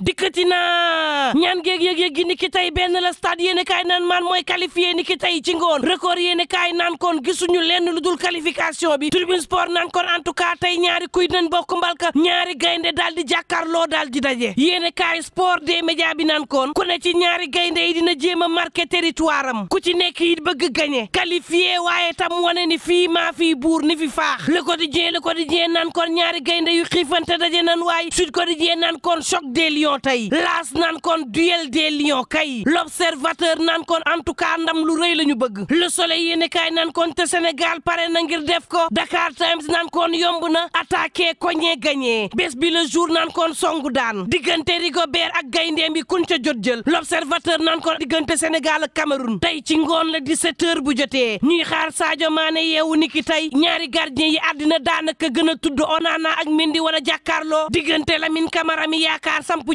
dikkati naa ñaan géeg yëg-yëg gi ni ki tey benn la stade yéen i kaay naan maan mooy qualifié ni ki tey ci ngoon record yéen i naan kon gisuñu lenn lu dul qualification bi tribune sport naan kon en tey ñaari kuy nañ bokk mbalka ñaari gaynde daal di jàkkaarloo daal di daje yéen i kaay sport des médias bi naan koon ku ne ci ñaari gaynde yi dina jéem a marqué territoire am ku ci nekk it bëgg gagné qualifié waaye tam wane ni fii maa fii buur ni fi faax le quotidien le quotidien naan kon ñaari gaynde yu xiifante daje nan waaye sud quotidien naan kon choc lion tey laas naan kon duel des lions kay l'observateur naan kon en tout cas ndam lu rëy la ñu bëgg le soleil yéene kaay naan kon te Sénégal pare na ngir def ko Dakar Times naan kon yomb na attaqué koñe gagné bés bi le jour naan kon songu daan diggante Rigobert ak gayndeem bi kun ca jot jël l'observateur naan kon diggante Sénégal ak Cameroun tey ci ngoon la 17 bu jotee ñuy xaar Sadio Mané yeewu niki tey ñaari gardien yi addina daanaka gën a tudd Onana ak Mendy wala jàkkaarloo diggante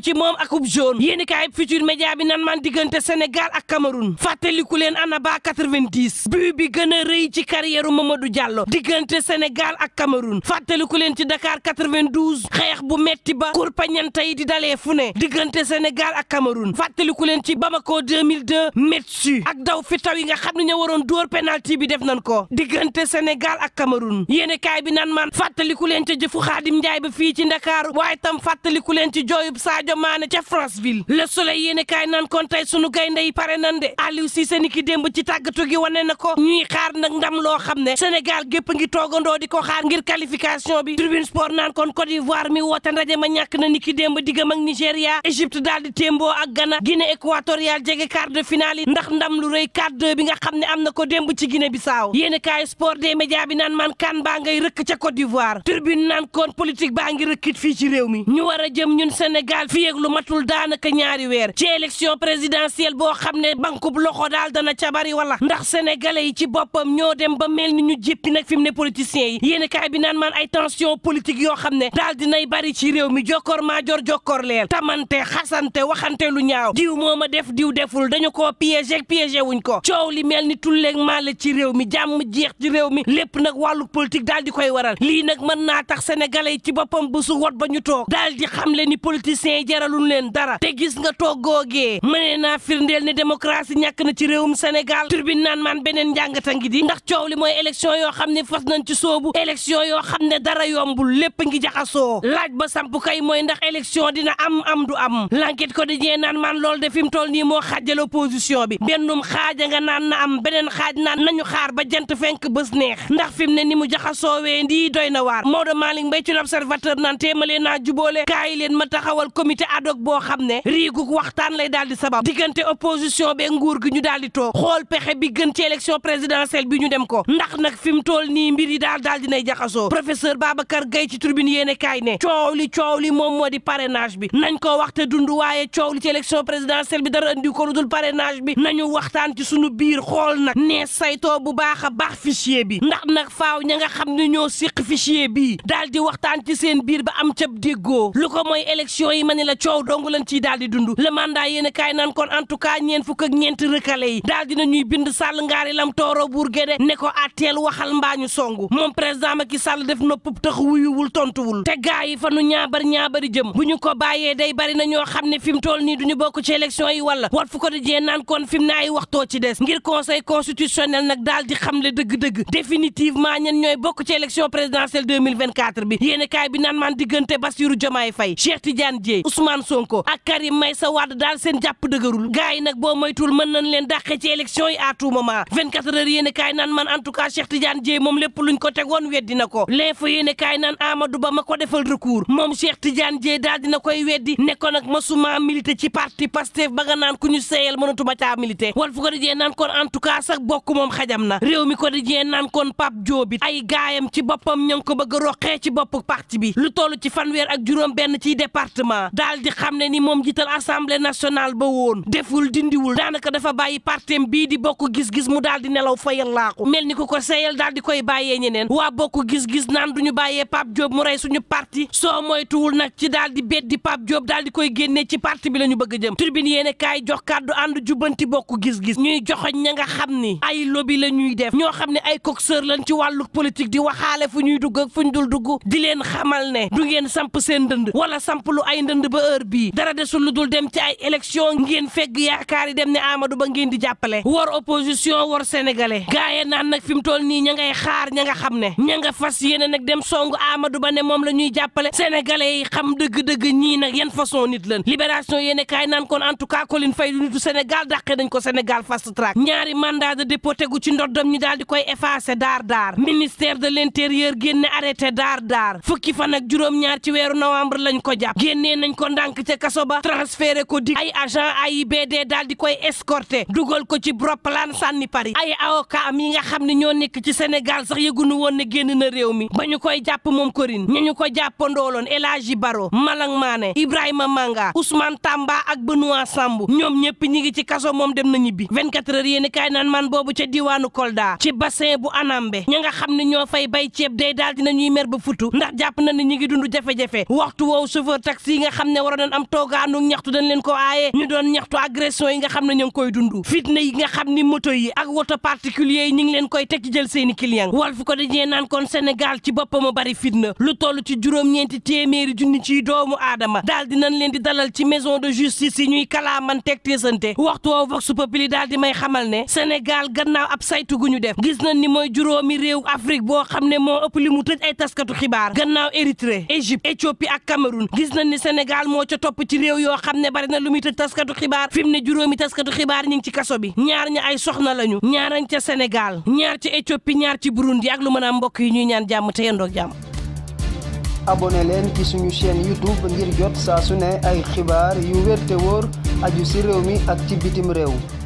ci moom akub jaune yéen i kaay futur média bi nan man diggante Sénégal ak Cameroun fàttaliku leen ana ba 90 but bi gën a rëy ci carrière Mamadou Diallo diggante Sénégal ak Cameroun fàttaliku leen ci Dakar 92 xeex bu metti ba kurpañante di dalee fu ne diggante Sénégal ak Cameroun fàttaliku leen ci Bamako 2002 metsu ak daw fi taw yi nga xam ne ñoo waroon dóor penalty bi def nañ ko diggante Sénégal ak Cameroun yéen kaay bi nan man fàttaliku leen ca jëfu Xaadim Njaay ba fii ci Ndakaaru waaye tam fàttaliku ci jooyub Sadio Sadio Mané ca Franceville Le Soleil yéen kaay naan kon tey sunu gaynde yi pare nan de Aliou Cissé ni ki démb ci tàggatu gi wane na ko ñuy xaar nag ndam loo xam ne Sénégal gépp ngi toogandoo di ko xaar ngir qualification bi Tribune Sport naan kon Côte d'Ivoire mi woote ndaje ma ñàkk na ni ki démb diggam ak Nigéria Égypte daal di témboo ak Ghana Guinée équatoriale jege quart de finale ndax ndam lu rey 4-2 bi nga xam ne am na ko demb ci Guinée Bissau yéen kaay sport des médias bi man kan baa ngay rëkk ca Côte d'Ivoire Tribune naan kon politique baa ngi rëkkit fii ci réew mi ñu war a jëm ñun Sénégal fii ak lu matul daanaka ñaari weer ci élection présidentielle boo xam ne bankub loxo daal dana ca bari walla ndax sénégalais yi ci boppam ñoo dem ba mel ni ñu jéppi nag fi mu ne politiciens yi yéen kaay bi naan maan ay tension politique yoo xam ne daal dinay bari ci réew mi jokkoor maa jor jokkoor leel tamante xasante waxante lu ñaaw diw moom ma def diw deful dañu ko piégé piégé wuñ ko coow li mel ni tulleeg maale ci réew mi jàmm jeex ci réew mi lépp nag wàllu politique daal koy waral lii nag mën naa tax sénégalais yi ci boppam bu su jaralul leen dara te gis nga toggoogee mënee naa firndeel ne démocratie ñàkk na ci réewum Sénégal turbine naan maan beneen njàngata ngi di ndax coow li mooy élection yoo xam ne fas nañ ci soobu élection yoo xam ne dara yombul lépp ngi jaxasoo laaj ba samp kay mooy ndax élection dina am am du am l'enquête ko dañee naan maan loolu de fi mu toll nii moo xaajal opposition bi bennum xaaja nga naan na am beneen xaaj naan nañu xaar ba jant fenk bés neex ndax fi mu ne ni mu jaxasoowee ndii doy na waar Maodo Malick Mbaye ci l'observateur naan téemalee naa jubóole kaay leen ma comité ad hoc boo xam ne riigu waxtaan lay daal di sabab diggante opposition be nguur gi ñu daal di xool pexe bi gën ci élection présidentielle bi ñu dem ko ndax nag fi mu toll nii mbir yi daal daal dinay jaxasoo professeur Babacar Gueye ci tribune yéene kaay ne coow li coow li moom moo di parrainage bi nañ ko waxte dund waaye coow li ci élection présidentielle bi dara andi ko lu dul parrainage bi nañu waxtaan ci sunu biir xool nag ne saytoo bu baax a baax fichier bi ndax nag faaw ña nga xam ne ñoo siq fichier bi daal di waxtaan ci seen biir ba am cab déggoo lu ko mooy élection yi man ni la coow dong lañ ciy daal di dund le mandat yéen naan kon en tout cas ñeen fukk ak ñeent rëkkale yi daal dina ñuy bind sàll ngaari lam tooro buur géde ne ko àtteel waxal mbaa ñu songu moom président Macky Sall def nopp tax wuyuwul tontuwul te gaa yi fa nu ñaabar ñaabari jëm bu ñu ko bàyyee day bari na ñoo xam ne fi mu toll nii du ñu bokk ci yi wala wat fu ko dajee naan kon fi mu ne ay waxtoo ci des ngir conseil constitutionnel nag daal di xam le dëgg-dëgg définitivement ñen ñooy bokk ci élection présidentielle 2024 bi yéen a kaay bi naan maan diggante Bassirou Diomaye Faye Cheikh Tidiane Dièye Ousmane Sonko ak may sa Wade daal seen jàpp dëgërul gars yi nag boo moytul mën nañ leen dàqe ci élection yi à tout moment 24 heures yéen kaay naan man en tout cas Cheikh Tidiane Dièye moom lépp luñ ko teg woon weddi na ko l'info yéen kaay naan Amadou Ba ma ko defal recours moom Cheikh Tidiane jee daal dina koy weddi ne ko nag ma masuma milité ci parti Pastef ba nga naan ku ñu seeyal mënatuma caa milité wal fu ko di jee naan kon en tout cas sax bokk moom xajam na réew mi ko di jee naan kon Pape Diop ay gaayam ci boppam ña ngi ko bëgg a roqee ci bopp parti bi lu toll ci fanweer ak juróom benn ci département daal di xam ne ni moom jiital assemblée nationale ba woon deful dindiwul daanaka dafa bàyyi partem bii di bokk gis-gis mu daal di nelaw fayal laaku mel ni ku ko seeyal daal di koy bàyyee ñeneen waa bokk gis-gis naan du ñu bàyyee Pape Diop mu rey suñu parti soo moytuwul nag ci daal di beddi Pape Diop daal di koy génnee ci parti bi la ñu bëgg a jëm tribune yéene kaay jox kàddu ànd jubbanti bokk gis-gis ñuy joxoñ ña nga xam ni ay lobi la ñuy def ñoo xam ne ay coxeur lañ ci wàllu politique di waxaale fu ñuy dugg fu ñu dul dugg di leen xamal ne du ngeen samp seen ndënd wala samp ay ndënd ànd ba heure bii dara desul lu dul dem ci ay élection ngeen fegg yaakaar yi dem ne Amadou Ba ngeen di jàppale war opposition war sénégalais gaaye naan nag fi mu toll nii ña ngay xaar ña nga xam ne ña nga fas yéene nag dem song Amadou Ba ne moom la ñuy jàppale sénégalais yi xam dëgg-dëgg ñii nag yan façon nit lan libération yéene kaay naan kon en tout cas Colin Faye du nitu Sénégal dàqe nañ ko Sénégal fast track ñaari mandat de dépôt tegu ci ndoddam ñu daal di koy effacé daar daar ministère de l'intérieur génne arrêté daar daar fukki fan ak juróom-ñaar ci weeru novembre lañ ko ndànk ca kaso ba transféré ko dik ay agent AIBD daal di koy escorté dugal ko ci roppalaan sànni Paris ay avocat am yi nga xam ne ñoo nekk ci Sénégal sax yëgunu woon ne génn na réew mi ba ñu koy jàpp moom Corinne ñu ñu ko jàppandooloon El Hadji Baro Malang Mané Ibrahima Manga Ousmane Tamba ak Benoît Sambou ñoom ñëpp ñi ngi ci kaso moom dem na ñibbi 24 heures yéeni kaay naan man boobu ce diwaanu Kolda ci bassin bu anambe ña nga xam ne ñoo fay bay ceeb day daal ñuy mer ba futu ndax jàpp na ne ñi ngi dund jafe-jafe xam ne waroon nañ am toogaanu ñaxtu dañ leen ko aaye ñu doon ñaxtu agression yi nga xam ne ñu ngi koy dund fitna yi nga xam ni moto yi ak woto particulier yi ñu ngi leen koy teg ci jël seeni client Walf ko dajee naan kon Sénégal ci boppam a bari fitna lu toll ci juróom-ñeenti téeméeri junni ci doomu aadama daal di nañ leen di dalal ci maison de justice yi ñuy man teg teesante waxtu woo vox populi daal di may xamal ne Sénégal gannaaw ab saytu gu ñu def gis nañ ni mooy juróomi réew Afrique boo xam ne moo ëpp li mu tëj ay taskatu xibaar gannaaw Érythrée Égypte Éthiopie ak Cameroun gis nañ ni Sénégal Sénégal moo ca topp ci réew yoo xam ne bari na lu muy tëj xibaar fi mu ne juróomi taskatu xibaar ñu ngi ci kaso bi ñaar ñi ay soxna lañu ñaar añ ca Sénégal ñaar ci Éthiopie ñaar ci Burundi ak lu mën a mbokk yi ñuy ñaan jàmm te yendoog jàmm abonné leen ci suñu chaîne YouTube ngir jot saa su ne ay xibaar yu wér te wóor aju si réew mi ak ci bitim réew